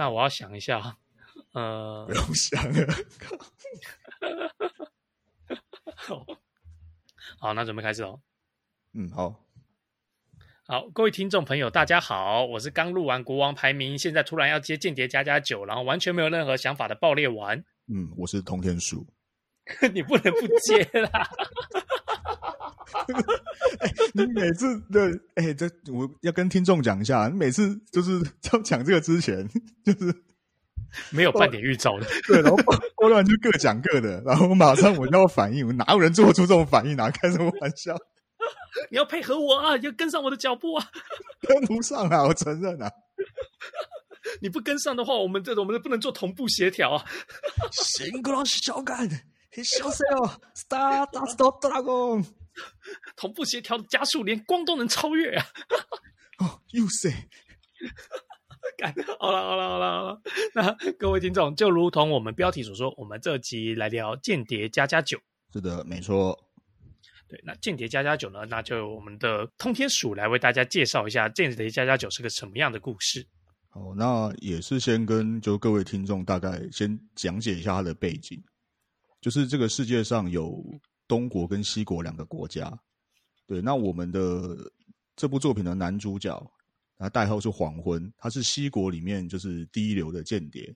那我要想一下，呃，不用想了 好。好，那準備開始哦。嗯，好，好，各位聽眾朋友，大家好，我是剛錄完國王排名，現在突然要接間諜加加九，9, 然後完全沒有任何想法的爆裂丸。嗯，我是通天鼠， 你不能不接啦。 哎、 欸，你每次的哎，這、欸、我要跟聽眾講一下，每次就是要講這個之前，就是沒有半點預兆的。對，然後過段 就各講各的，然後我馬上我就要反應，我哪有人做出這種反應，啊？哪開什麼玩笑？你要配合我啊，要跟上我的腳步啊，跟不上啊，我承認啊。 你不跟上的話，我們這我們不能做同步協調啊。 Synchronisation 開始哦，Start, Stop Dragon。 同步協調的加速，連光都能超越啊！哦，又塞，幹好了，好了，好了，好了。那各位聽眾，就如同我們標題所說，嗯、我們這集來聊《間諜家家酒》。是的，沒錯。對，那《間諜家家酒》呢？那就由我們的通天鼠來為大家介紹一下《間諜家家酒》是個什麼樣的故事。哦，那也是先跟就各位聽眾大概先講解一下它的背景，就是這個世界上有。東國跟西國兩個國家，對，那我們的這部作品的男主角，他代號是黃昏，他是西國裡面就是第一流的間諜。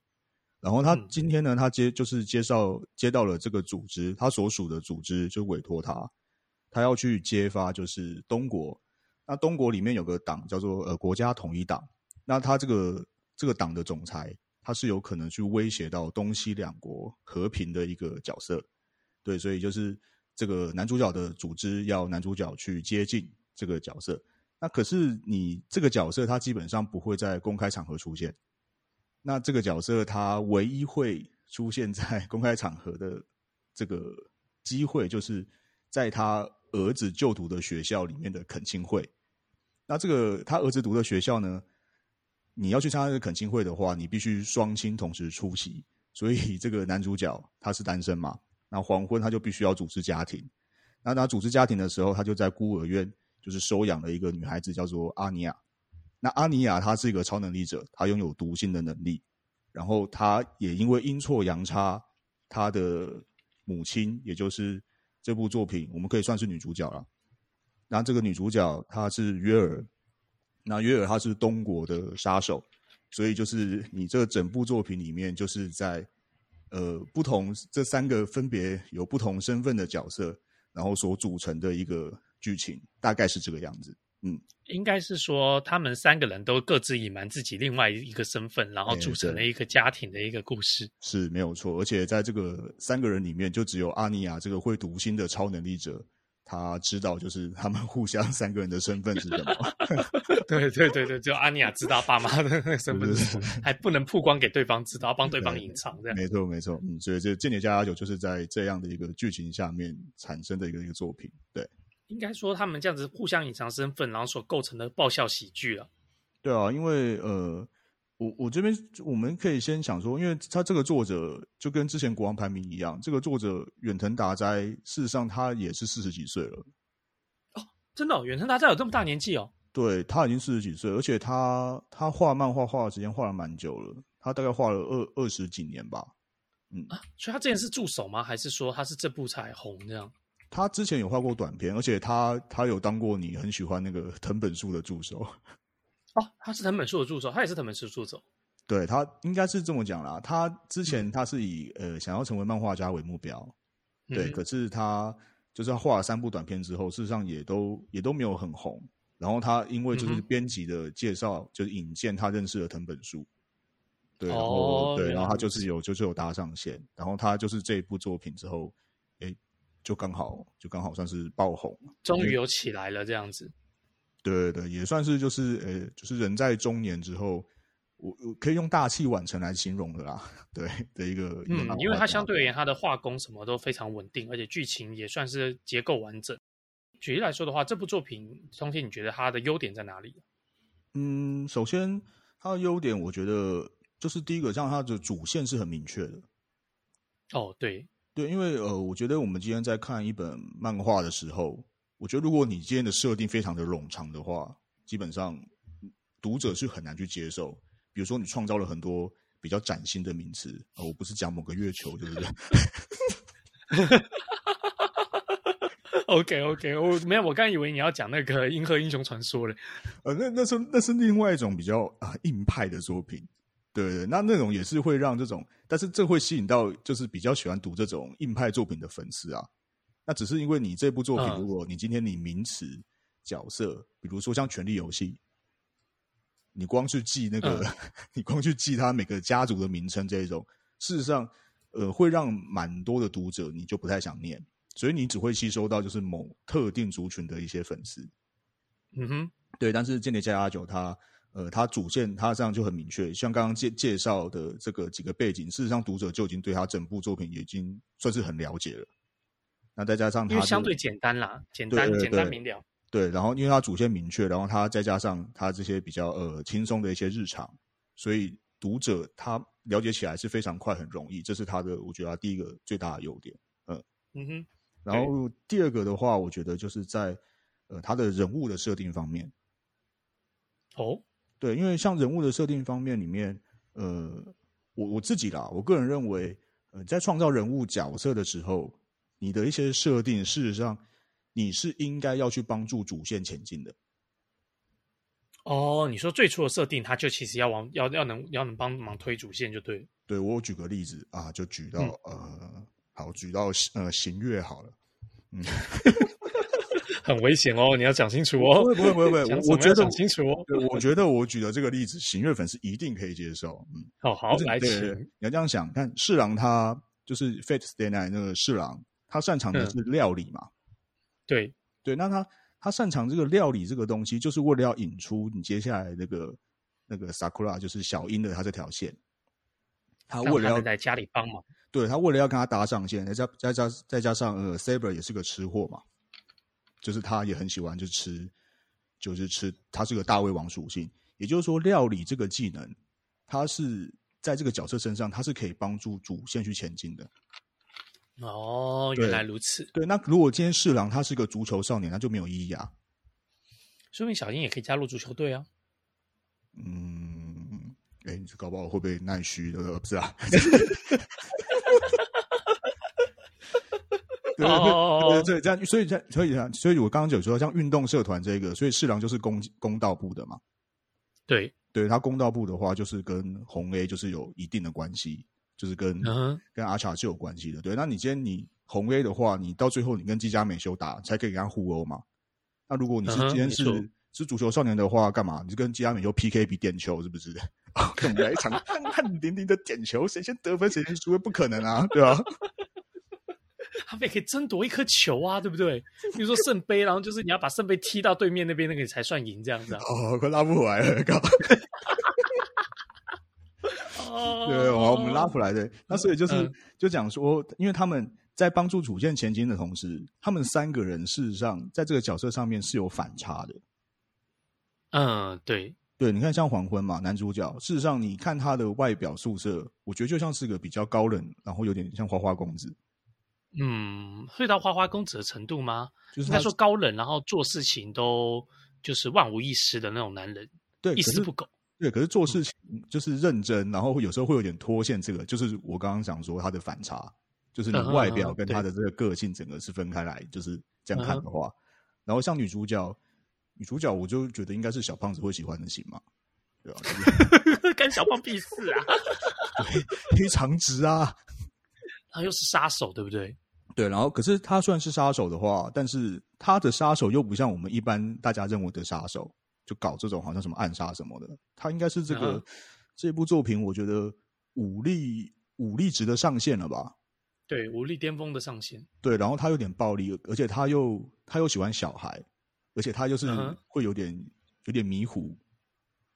然後他今天呢，嗯、他接就是介紹接到了這個組織，他所屬的組織就委託他，他要去揭發就是東國。那東國裡面有個黨叫做呃國家統一黨，那他這個這個黨的總裁，他是有可能去威脅到東西兩國和平的一個角色，對，所以就是。這個男主角的組織要男主角去接近這個角色，那可是你這個角色他基本上不會在公開場合出現。那這個角色他唯一會出現在公開場合的這個機會，就是在他兒子就讀的學校裡面的懇親會。那這個他兒子讀的學校呢？你要去參加這個懇親會的話，你必須雙親同時出席。所以這個男主角他是單身嗎？那黃昏，他就必須要組織家庭。那他組織家庭的時候，他就在孤兒院，就是收養了一個女孩子，叫做阿尼亞。那阿尼亞她是一個超能力者，她擁有讀心的能力。然後她也因為陰錯陽差，她的母親，也就是這部作品我們可以算是女主角了。那這個女主角她是約爾，那約爾她是東國的殺手，所以就是你這整部作品裡面就是在。呃，不同，這三個分別有不同身份的角色，然後所組成的一個劇情，大概是這個樣子。嗯，應該是說他們三個人都各自隱瞞自己另外一個身份，然後組成了一個家庭的一個故事，嗯、是沒有錯。而且在這個三個人裡面，就只有阿尼亞這個會讀心的超能力者。他知道，就是他們互相三個人的身份是什麼？對 對對對，就阿尼亞知道爸媽的身份 是，還不能曝光給對方知道，幫對方隱藏對這樣。沒錯沒錯，嗯，所以這《間諜家家酒》就是在這樣的一個劇情下面產生的一個一個作品。對，應該說他們這樣子互相隱藏身份，然後所構成的爆笑喜劇了。對啊，因為呃。嗯我我這邊我們可以先想說，因為他這個作者就跟之前國王排名一樣，這個作者遠藤達哉，事實上他也是四十幾歲了。哦，真的哦，遠藤達哉有這麼大年紀哦？對他已經四十幾歲，而且他他畫漫畫畫的時間畫了蠻久了，他大概畫了二二十幾年吧。嗯啊，所以他之前是助手嗎？還是說他是這部才紅這樣？他之前有畫過短篇，而且他他有當過你很喜歡那個藤本樹的助手。哦，他是藤本樹的助手，他也是藤本樹的助手。對，他應該是這麼講啦，他之前他是以、嗯、呃想要成為漫畫家為目標，對。嗯、可是他就是畫了三部短片之後，事實上也都也都沒有很紅。然後他因為就是編輯的介紹，嗯、哼就是引薦他認識了藤本樹，對。然後、哦、對，然後他就是有就是有搭上線，嗯、然後他就是這一部作品之後，哎、欸，就剛好就剛好算是爆紅，終於有起來了這樣子。對對對，也算是就是呃，就是人在中年之後我，我可以用大器晚成來形容的啦。對的一個，嗯，因為它相對而言，它的畫工什麼都非常穩定，而且劇情也算是結構完整。舉例來說的話，這部作品，松田，你覺得它的優點在哪裡？嗯，首先它的優點，我覺得就是第一個，像它的主線是很明確的。哦，對對，因為呃，我覺得我們今天在看一本漫畫的時候，我覺得，如果你今天的設定非常的冗長的話，基本上讀者是很難去接受。比如說，你創造了很多比較嶄新的名詞、呃，我不是講某個月球，對不對？OK OK，我沒有，我剛以為你要講那個《銀河英雄傳說》了。呃，那那是那是另外一種比較啊硬派的作品，對，對對，那那種也是會讓這種，但是這會吸引到就是比較喜歡讀這種硬派作品的粉絲啊。那只是因為你這部作品，如果你今天你名詞、嗯、角色，比如說像《權力遊戲》，你光去記那個，嗯、 你光去記它每個家族的名稱，這一種事實上，呃，會讓蠻多的讀者你就不太想念，所以你只會吸收到就是某特定族群的一些粉絲。嗯哼，對。但是《間諜家家酒》他，呃，他主線他這樣就很明確，像剛剛介介紹的這個幾個背景，事實上讀者就已經對他整部作品已經算是很了解了。那再加上它相對簡單啦，對對對，簡單簡單明了。對，然後因為它主線明確，然後它再加上它這些比較呃輕鬆的一些日常，所以讀者他了解起來是非常快，很容易。這是它的，我覺得他第一個最大的優點。呃、嗯哼。然後第二個的話，我覺得就是在呃它的人物的設定方面。哦，對，因為像人物的設定方面裡面，呃，我我自己啦，我個人認為，呃，在創造人物角色的時候。你的一些設定，事實上你是應該要去幫助主線前進的。哦，你說最初的設定，它就其實要往要要能要能幫忙推主線就對。對，我舉個例子啊，就舉到、嗯、呃，好，舉到呃，型月好了，嗯， 很危險哦，你要講清楚哦，不會不會不會，不不我覺得很清楚哦，我覺得我舉的這個例子，型月粉絲一定可以接受，嗯，好好、就是、來錢，吃你要這樣想，看士郎他就是 Fate Stay Night 那個士郎。他擅長的是料理嘛？嗯，對對，那他他擅長這個料理這個東西，就是為了要引出你接下來那個那個 Sakura，就是小櫻的他這條線。他為了要他在家裡幫忙，對他為了要跟他搭上線，再加再加再加上呃 Saber 也是個吃貨嘛，就是他也很喜歡就吃，就是吃，他是個大胃王屬性。也就是說，料理這個技能，它是在這個角色身上，它是可以幫助主線去前進的。哦，oh, 對原來如此。對，那如果今天士郎他是個足球少年，那就沒有意義啊。說明小英也可以加入足球隊啊。嗯，誒，你這搞不好會不會奈須不是啊？哦，對，這樣，所以，所以，所以，所以我剛剛有說，像運動社團這個，所以士郎就是公公道部的嘛。對，對他公道部的話，就是跟紅 A 就是有一定的關係。就是跟，uh huh. 跟 Archer 是有關係的，對。那你今天你紅 A 的話，你到最後你跟吉加美修打才可以跟他互毆嘛？那如果你是今天是、uh、huh, 是足錯球少年的話，幹嘛？你就跟吉加美修 PK 比點球是不是？啊， 來一場汗汗淋淋的點球，誰 先得分誰先輸，不可能啊，對吧，啊？他們也可以爭奪一顆球啊，對不對？ 比如說聖杯，然後就是你要把聖杯踢到對面那邊，那個你才算贏，這樣子，啊。哦，快拉不回來了，靠。 對，哦，啊、我們拉回來的。啊、那所以就是，嗯、就講說，因為他們在幫助主線前進的同時，他們三個人事實上在這個角色上面是有反差的。嗯，對，對，你看像黃昏嘛，男主角，事實上你看他的外表、膚色，我覺得就像是個比較高冷，然後有點像花花公子。嗯，會到花花公子的程度嗎？就是他應該說高冷，然後做事情都就是萬無一失的那種男人，對，一絲不苟。對，可是做事情就是認真，嗯、然後有時候會有點脫線。這個就是我剛剛講說他的反差，就是你外表跟他的這個個性整個是分開來，就是這樣看的話。嗯嗯嗯、然後像女主角，女主角我就覺得應該是小胖子會喜歡的型嘛，對吧、啊？就是、跟小胖必死啊，黑長 直啊，他又是殺手，對不對？對，然後可是他算是殺手的話，但是他的殺手又不像我們一般大家認為的殺手。就搞這種好像什麼暗殺什麼的，他應該是這個、uh huh. 這部作品，我覺得武力武力值的上限了吧？對，武力巔峰的上限。對，然後他有點暴力，而且他又他又喜歡小孩，而且他又是會有點、uh huh. 有點迷糊，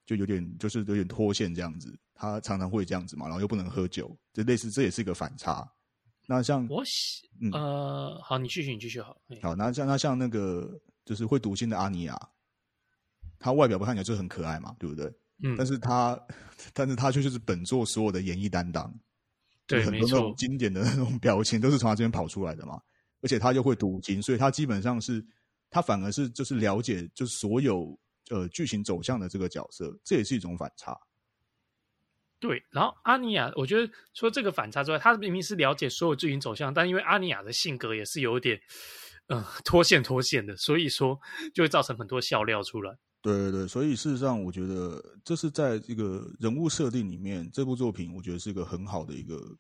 就有點就是有點脫線這樣子。他常常會這樣子嘛，然後又不能喝酒，就類似這也是一個反差。那像我喜，呃 What?、嗯，uh, 好，你繼續，你繼續，好，好，那像那像那個就是會讀心的阿尼亞。他外表不看起來就很可愛嘛，對不對？嗯。但是他，但是他卻就是本作所有的演藝擔當，對，沒錯。很多經典的那種表情都是從他這邊跑出來的嘛。而且他又會讀經，所以他基本上是，他反而是就是了解就所有呃劇情走向的這個角色，這也是一種反差。對。然後阿尼亞，我覺得除了這個反差之外，他明明是了解所有劇情走向，但因為阿尼亞的性格也是有點呃脫線脫線的，所以說就會造成很多笑料出來。對對對，所以事實上，我覺得這是在這個人物設定裡面，這部作品我覺得是一個很好的一個，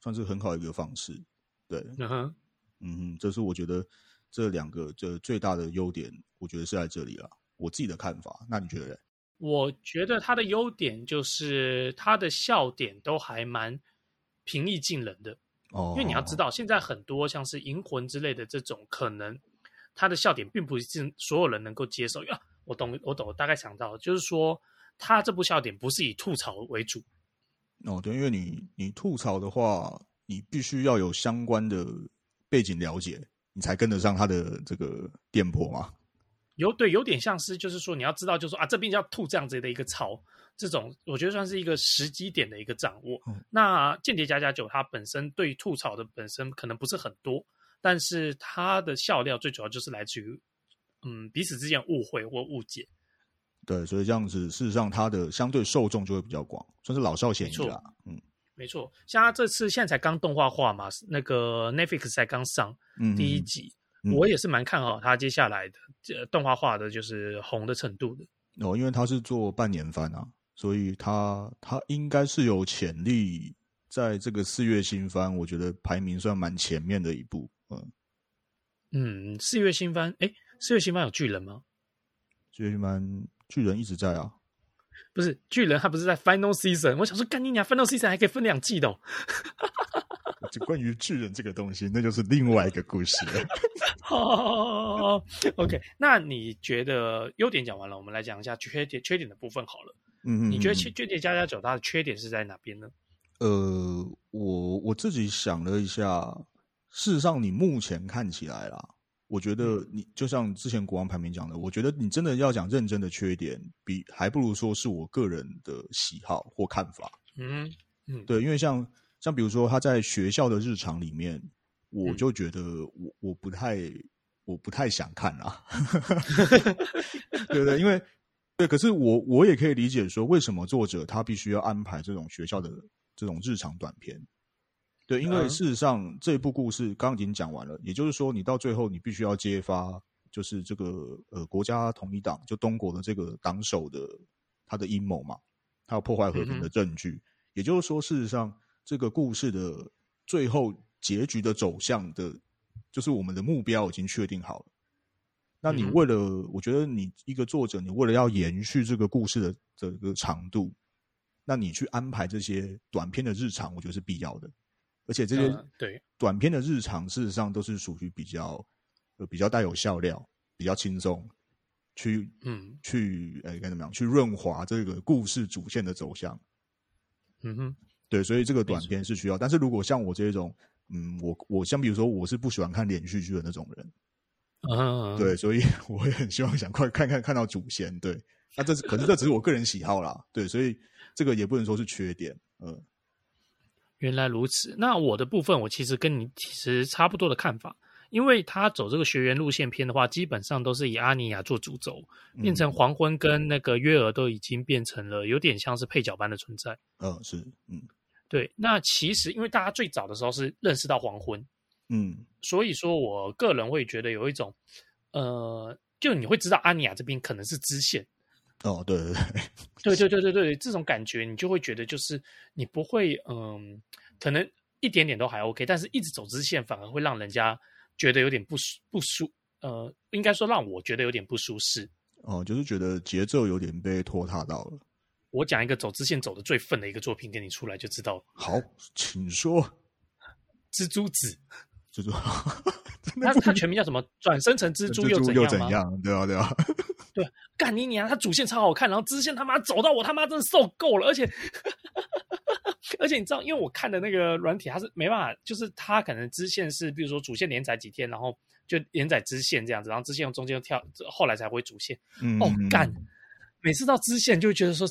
算是很好的一個方式。對，嗯哼，嗯哼，這是我覺得這兩個這最大的優點，我覺得是在這裡啊。我自己的看法，那你覺得呢？我覺得它的優點就是它的笑點都還蠻平易近人的哦，因為你要知道，現在很多像是《銀魂》之類的這種，可能它的笑點並不是所有人能夠接受。我懂，我懂，我大概想到就是說，他這部笑點不是以吐槽為主。哦，對，因為你你吐槽的話，你必須要有相關的背景了解，你才跟得上他的這個電波嘛。有對，有點像是就是說，你要知道，就是說啊這邊要吐這樣子的一個槽，這種我覺得算是一個時機點的一個掌握。嗯、那《間諜家家酒》它本身對吐槽的本身可能不是很多，但是它的笑料最主要就是來自於。嗯，彼此之間誤會或誤解，對，所以這樣子，事實上，它的相對受眾就會比較廣，算是老少咸宜、啊、錯嗯，沒錯，像他這次現在才剛動畫化嘛，那個 Netflix 才剛上第一集，嗯嗯、我也是蠻看好它接下來的、嗯呃、動畫化的就是紅的程度的哦，oh, 因為他是做半年番啊，所以他他應該是有潛力在這個四月新番，我覺得排名算蠻前面的一部，嗯嗯，四月新番，哎、欸。《四月新番》有巨人嗎？《所以四月新番》巨人一直在啊，不是巨人，他不是在 Final Season。我想說，幹你娘、啊、！Final Season 還可以分兩季的。就 關於巨人這個東西，那就是另外一個故事了。好、 oh,，OK，那你覺得優點講完了，我們來講一下缺點，缺點的部分好了。嗯嗯。你覺得《缺缺點家家酒》它的缺點是在哪邊呢？呃，我我自己想了一下，事實上，你目前看起來啦。我覺得你就像之前國王排名講的，我覺得你真的要講認真的缺點，比還不如說是我個人的喜好或看法。嗯，嗯，對，因為像像比如說他在學校的日常裡面，我就覺得我我不太我不太想看啊， 對不對？因為對，可是我我也可以理解說，為什麼作者他必須要安排這種學校的這種日常短片。對，因為事實上、啊、這一部故事剛剛已經講完了，也就是說，你到最後你必須要揭發，就是這個呃國家統一黨就東國的這個黨首的他的陰謀嘛，他要破壞和平的證據。嗯、哼也就是說，事實上這個故事的最後結局的走向的，就是我們的目標已經確定好了。那你為了，嗯、哼我覺得你一個作者，你為了要延續這個故事的這個長度，那你去安排這些短篇的日常，我覺得是必要的。而且這些對短片的日常，事實上都是屬於比較呃、嗯、比較帶有笑料、比較輕鬆，去嗯去呃該怎麼樣去潤滑這個故事主線的走向。嗯哼，對，所以這個短片是需要。沒錯。但是如果像我這種，嗯，我我像比如說我是不喜歡看連續劇的那種人啊，啊，啊，對，所以我也很希望想快看看看到主線。對，那這是可是這只是我個人喜好啦， 對，所以這個也不能說是缺點，嗯、呃。原來如此，那我的部分，我其實跟你其實差不多的看法，因為他走這個學園路線篇的話，基本上都是以阿尼亞做主軸，變成黃昏跟那個約兒都已經變成了有點像是配角般的存在。嗯、哦，是，嗯，對。那其實因為大家最早的時候是認識到黃昏，嗯，所以說我個人會覺得有一種，呃，就你會知道阿尼亞這邊可能是支線。哦，對對對，對對對對對，這種感覺你就會覺得，就是你不會，嗯、呃，可能一點點都還 OK，但是一直走直線反而會讓人家覺得有點不舒不舒，呃，應該說讓我覺得有點不舒適。哦，就是覺得節奏有點被拖沓到了。我講一個走直線走的最笨的一個作品給你出來就知道了。好，請說，蜘蛛子，蜘蛛，是 不它，它全名叫什麼？轉生成蜘蛛，蜘蛛又怎樣？對吧、啊？對吧、啊？幹你你啊！他主線超好看，然後支線他媽走到我他媽真的受夠了，而且 而且你知道，因為我看的那個軟體，它是沒辦法，就是它可能支線是比如說主線連載幾天，然後就連載支線這樣子，然後支線用中間又跳，後來才回主線。哦、嗯，幹、oh！每次到支線就覺得說，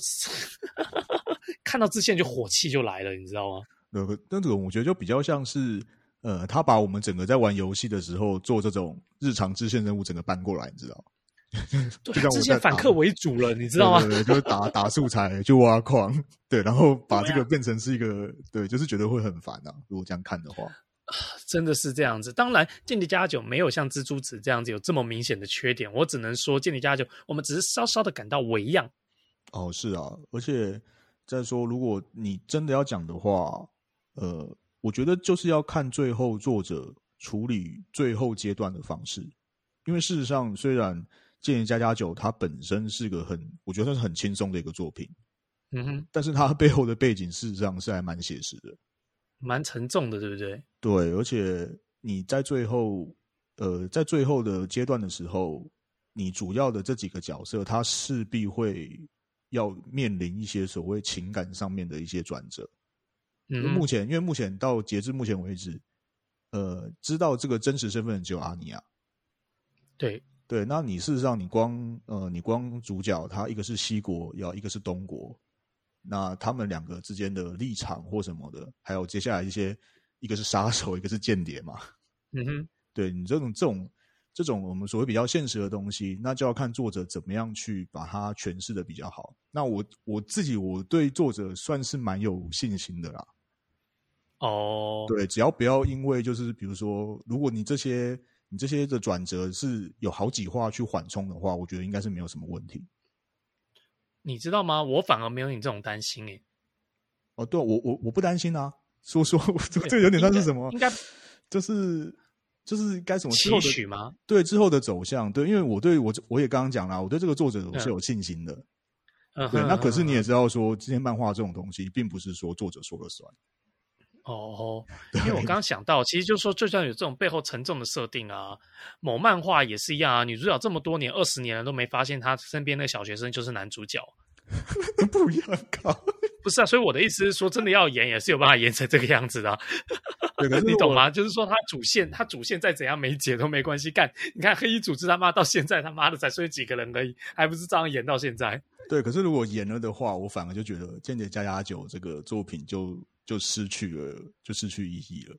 看到支線就火氣就來了，你知道嗎？那個那種我覺得就比較像是呃，他把我們整個在玩遊戲的時候做這種日常支線任務整個搬過來，你知道嗎？ 就像我對之前反客為主了，你知道嗎？對，對，對，就是打 打素材就挖礦，對，然後把這個變成是一個，對，啊、對，就是覺得會很煩啊。如果這樣看的話，啊、真的是這樣子。當然，間諜家家酒沒有像蜘蛛子這樣子有這麼明顯的缺點，我只能說間諜家家酒我們只是稍稍的感到違樣。哦，是啊，而且再說，如果你真的要講的話，呃，我覺得就是要看最後作者處理最後階段的方式，因為事實上雖然。《間諜家家酒》它本身是個很，我覺得算是很輕鬆的一個作品，嗯哼。但是它背後的背景事實上是還蠻寫實的，蠻沉重的，對不對？對，而且你在最後，呃，在最後的階段的時候，你主要的這幾個角色，他勢必會要面臨一些所謂情感上面的一些轉折。嗯哼，目前因為目前到截至目前為止，呃，知道這個真實身份的只有阿尼亞，對。對，那你事實上你光呃，你光主角他一個是西國要，一個是東國，那他們兩個之間的立場或什麼的，還有接下來一些，一個是殺手，一個是間諜嘛。嗯哼，對，你這種這種這種我們所謂比較現實的東西，那就要看作者怎麼樣去把它詮釋得比較好。那我我自己我對作者算是蠻有信心的啦。哦，對，只要不要因為就是比如說，如果你這些。你這些的轉折是有好幾話去緩衝的話，我覺得應該是沒有什麼問題。你知道嗎？我反而沒有你這種擔心哎、欸。哦，對我我我不擔心啊。說說， 對這有點像是什麼？應該，應該就是就是該怎麼？期許嗎？對，之後的走向，對，因為我對我我也剛剛講了、啊，我對這個作者我是有信心的。嗯、對，嗯、哼哼哼哼，那可是你也知道說，說這些漫畫這種東西，並不是說作者說了算。哦哦，oh, 對因為我剛剛想到，其實就是說，就算有這種背後沉重的設定啊，某漫畫也是一樣啊。女主角這麼多年、二十年了，都沒發現她身邊那個小學生就是男主角， 不一要樣搞。不是啊，所以我的意思是說，真的要演也是有辦法演成這個樣子的。 你懂嗎？就是說，他主線，他主線再怎樣沒解都沒關係。幹你看黑衣組織他媽到現在他媽的才剩幾個人而已，還不是照樣演到現在？對，可是如果演了的話，我反而就覺得《間諜家家酒》這個作品就。就失去了，就失去意義了。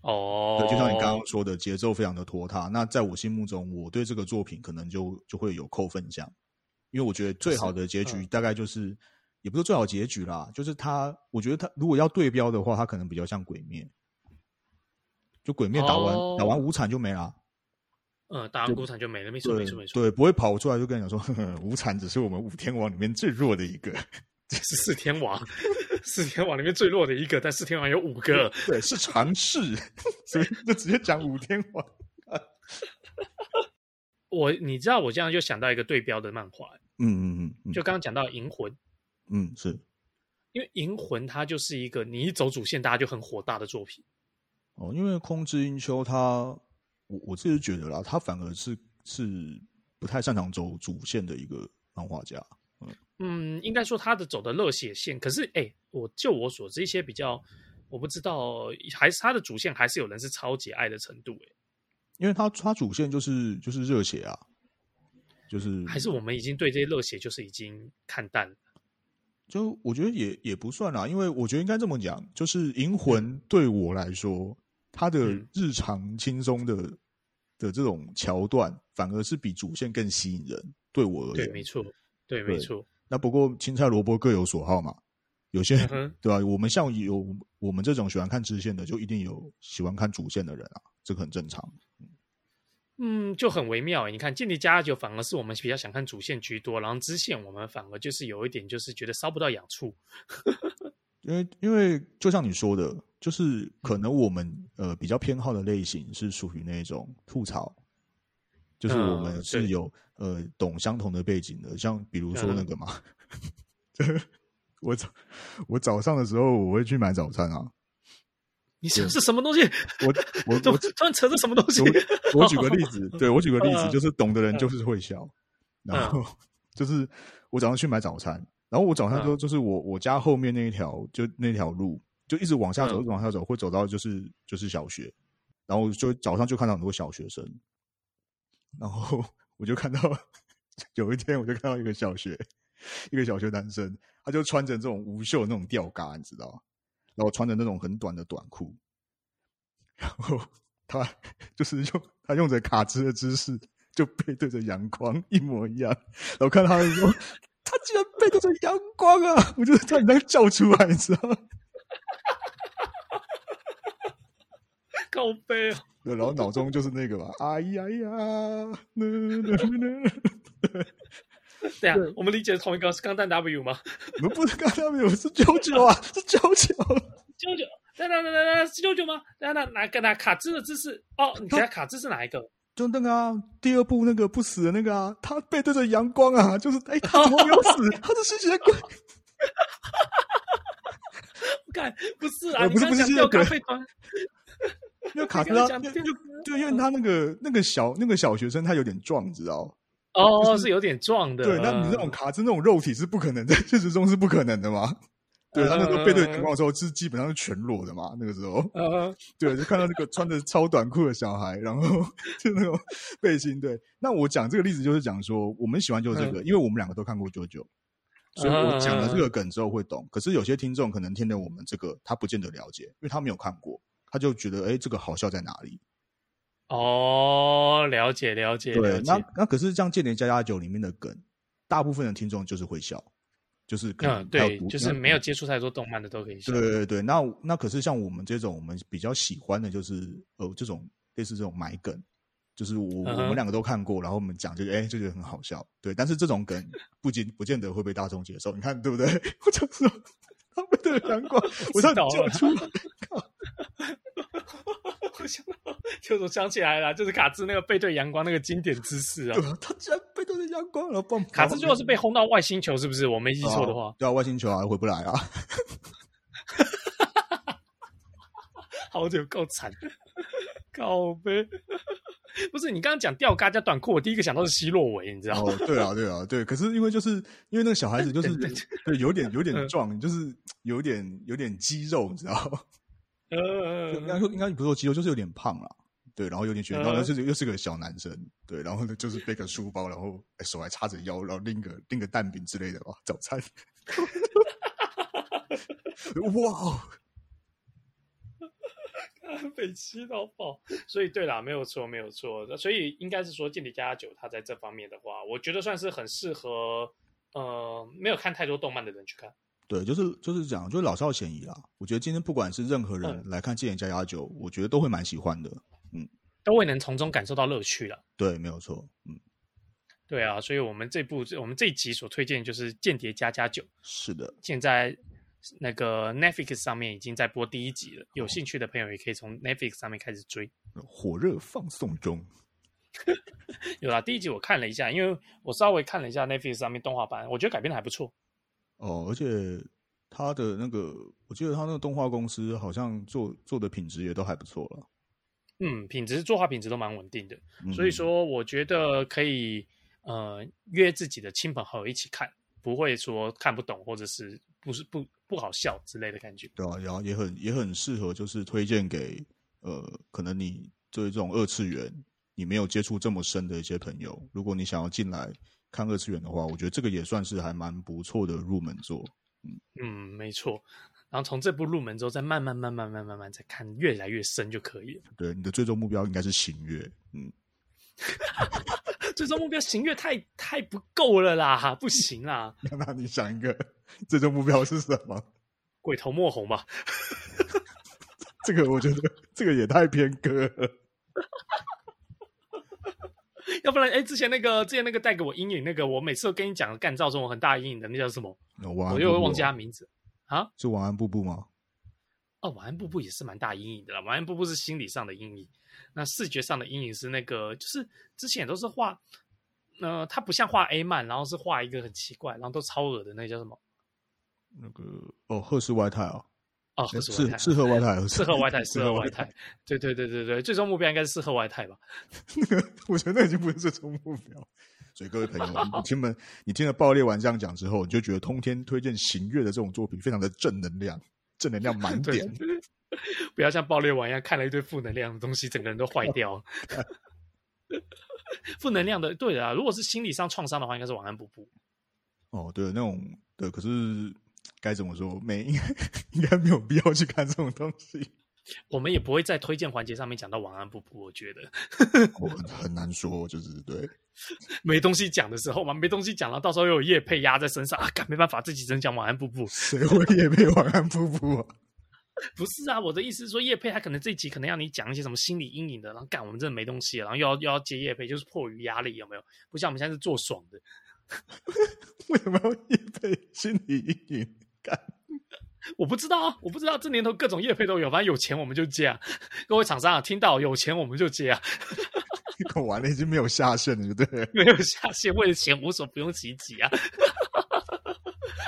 哦、oh.，對，就像你剛剛說的，節奏非常的拖沓。那在我心目中，我對這個作品可能就就會有扣分這樣，因為我覺得最好的結局大概就是，不是也不是最好結局啦，嗯、就是他，我覺得他如果要對標的話，他可能比較像鬼滅。就鬼滅打完、oh. 打完無慘就沒了。嗯、呃，打完無慘就沒了，對沒錯沒錯沒錯，對，不會跑出來就跟你講說，呵呵無慘只是我們五天王裡面最弱的一個，這是四天王。 四天王裡面最弱的一個，但四天王有五個，對，是常識，所以 就直接講五天王。 我，你知道，我這樣就想到一個對標的漫畫欸。嗯嗯嗯，就剛剛講到《銀魂》。嗯，是，因為《銀魂》它就是一個你一走主線，大家就很火大的作品。哦，因為空知英秋他，我我自己覺得啦，他反而是是不太擅長走主線的一個漫畫家。嗯，應該說他的走的熱血線，可是哎，欸，我就我所知一些比較，我不知道還是他的主線還是有人是超級愛的程度，欸，因為他他主線就是就是熱血啊，就是還是我們已經對這些熱血就是已經看淡了。就我覺得也也不算啦，因為我覺得應該這麼講，就是《銀魂》對我來說，嗯，他的日常輕鬆的的這種橋段，嗯，反而是比主線更吸引人。對我而言，對，沒錯。對，對，沒錯。那不過青菜蘿蔔各有所好嘛，有些、嗯、哼對吧、啊？我們像有我們這種喜歡看支線的，就一定有喜歡看主線的人啊，這個很正常。嗯，嗯，就很微妙、欸。你看《間諜家家酒》反而是我們比較想看主線居多，然後支線我們反而就是有一點就是覺得燒不到癢處。 因為因為就像你說的，就是可能我們呃比較偏好的類型是屬於那種吐槽。就是我們是有、嗯、呃懂相同的背景的，像比如說那個嘛，嗯、 我我早上的時候我會去買早餐啊。你這是什麼東西？我我我穿成是什麼東西我我？我舉個例子， 對我舉個例子， 就是懂的人就是會笑。嗯、然後就是我早上去買早餐，然後我早餐的時候就是我、嗯、我家後面那一條就那條路，就一直往下走，一直、嗯、往下走，會走到就是就是小學，然後就早上就看到很多小學生。然後我就看到有一天，我就看到一個小學，一個小學男生，他就穿着這種無袖的那種吊嘎，你知道，然後穿着那種很短的短褲，然後他就是用他用着卡姿的姿勢，就背對着陽光，一模一樣。然後看到他說，他居然背對着陽光啊！我就突然給他叫出來，你知道嗎？高別，然後腦中就是那個嘛，哎呀呀，能能不對呀，我們理解的同一個是鋼彈 W 嗎？我們不是鋼彈 W，是 JoJo 啊，是 JoJo，JoJo，o 噠噠噠噠，是 JoJo 嗎？噠噠拿拿拿卡茲的姿勢哦，你講卡茲是哪一個？中登啊，第二部那個不死的那個啊，他背對着陽光啊，就是哎，他怎麼沒有死？他是吸血鬼？不看，不是啊，你是不是掉個因為卡茲，他就就因為他那個那個小那個小學生他有點壯，你知道嗎？哦，是有點壯的。對，那你那種卡茲那種肉體是不可能的，在現實中是不可能的嘛。對，他那時候背對陽光的時候是基本上是全裸的嘛。那個時候，對，就看到那個穿着超短褲的小孩，然後就那種背心。對，那我講這個例子就是講說，我們喜歡就是這個，因為我們兩個都看過 JoJo。所以我講了這個梗之後會懂。可是有些聽眾可能聽了我們這個，他不見得了解，因為他沒有看過。他就覺得哎、欸，這個好笑在哪裡？哦，了解了解。對，了解那那可是像《間諜家家酒》裡面的梗，大部分的聽眾就是會笑，就是嗯，對，就是沒有接觸太多動漫的都可以笑。嗯、對對對，那那可是像我們這種，我們比較喜歡的就是哦、呃，這種類似這種埋梗，就是我、嗯、哼我們兩個都看過，然後我們講，個、欸、哎，就覺得很好笑。對，但是這種梗不僅不見得會被大眾接受，你看對不對？我就說，他們的陽光， 我操，就出。 就我想，想起來了、啊，就是卡茲那個背對陽光那個經典姿勢啊，啊！他竟然背對着陽光，然後棒卡茲最後是被轟到外星球，是不是？我沒記錯的話、啊，對啊，外星球還、啊、回不來啊！ 好久夠夠慘，哈 哈靠杯 不是你剛剛講吊嘎加短褲，我第一個想到是希洛維，你知道嗎、 哦？對啊，對啊，對。可是因為就是因為那個小孩子，就是 對，對，對，對有點有點壯， 就是有點有點，有點肌肉，你知道嗎。嗯、應該說，應該你不是說肌肉，就是有點胖啦，對，然後有點捲，然後就是、嗯、又是個小男生，對，然後呢就是背個書包，然後、欸、手還叉着腰，然後拎個拎個蛋餅之類的吧，早餐。 哇，被氣到爆，所以對啦，沒有錯，沒有錯，所以應該是說間諜家家酒，他在這方面的話，我覺得算是很適合，呃，沒有看太多動漫的人去看。對，就是就是講，就是老少咸宜啦。我覺得今天不管是任何人來看《間諜家家酒》，嗯、我覺得都會蠻喜歡的，嗯，都會能從中感受到樂趣了。對，沒有錯，嗯，對啊，所以我們這部、我們這一集所推薦就是《間諜家家酒》。是的，現在那個 Netflix 上面已經在播第一集了，好有興趣的朋友也可以從 Netflix 上面開始追，火熱放送中。 有啦，第一集我看了一下，因為我稍微看了一下 Netflix 上面動畫版，我覺得改編的還不錯。哦，而且他的那個，我記得他那個動畫公司好像做做的品質也都還不錯了。嗯，品質作畫品質都蠻穩定的，嗯，所以說我覺得可以呃約自己的親朋好友一起看，不會說看不懂或者是不是不不好笑之類的感覺。對啊，然後也很也很適合，就是推薦給呃可能你對這種二次元你沒有接觸這麼深的一些朋友，如果你想要進來。看二次元的話，我覺得這個也算是還蠻不錯的入門作。嗯，嗯，沒錯。然後從這部入門之後，再慢慢、慢慢、慢慢、慢慢再看越來越深就可以了。對，你的最終目標應該是型月。嗯， 最終目標型月太太不夠了啦，不行啦。 那你想一個最終目標是什麼？ 鬼頭莫宏吧。 這個我覺得這個也太偏科了。 要不然，哎、欸，之前那個，之前那個帶給我陰影，那個我每次都跟你講，幹造成我很大陰影的，那叫什麼？哦，晚安步步哦，、我又忘記他名字啊？是晚安布布嗎？哦，晚安布布也是蠻大陰影的啦。晚安布布是心理上的陰影，那視覺上的陰影是那個，就是之前也都是畫，那、呃、他不像畫 A 漫，然後是畫一個很奇怪，然後都超惡的，那個，叫什麼？那個哦，赫氏外太啊、哦。啊，適合外太，適合外太，適合外太，適合外太。對對對對對，最終目標應該是適合外太吧？ 我覺得那已經不是最終目標。所以各位朋友，好好你聽們，你聽了爆裂丸這樣講之後，你就覺得通天推薦行月的這種作品非常的正能量，正能量滿點。 不要像爆裂丸一樣看了一堆負能量的東西，整個人都壞掉。 負能量的，對的啊，如果是心理上創傷的話，應該是晚安布布。哦，對，那種對，可是。該怎麼說？沒應該，應該沒有必要去看這種東西。我們也不會在推薦環節上面講到晚安布布。我覺得 我很難說，就是對沒東西講的時候嘛，沒東西講了，然後到時候又有業配壓在身上啊，幹沒辦法，這幾陣講晚安布布，誰會業配晚安布布啊？ 不是啊，我的意思是說，業配他可能這一集可能要你講一些什麼心理陰影的，然後幹我們這沒東西，然後又要又要接業配就是迫於壓力，有沒有？不像我們現在是做爽的，為什麼要業配心理陰影？干我不知道、啊，我不知道，這年頭各種業配都有，反正有錢我們就接啊！各位廠商啊，聽到有錢我們就接啊！一口完了，已經沒有下限了，對不對？沒有下限，為了錢無所不用其極啊！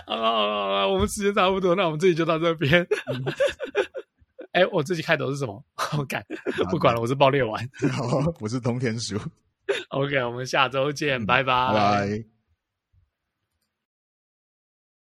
啊， 我們時間差不多，那我們這期就到這邊。哎、嗯 欸，我這期開頭是什麼好 k、okay, 里不管了，我是爆裂丸， 我是通天鼠。OK，我們下周見，嗯、拜拜。拜拜。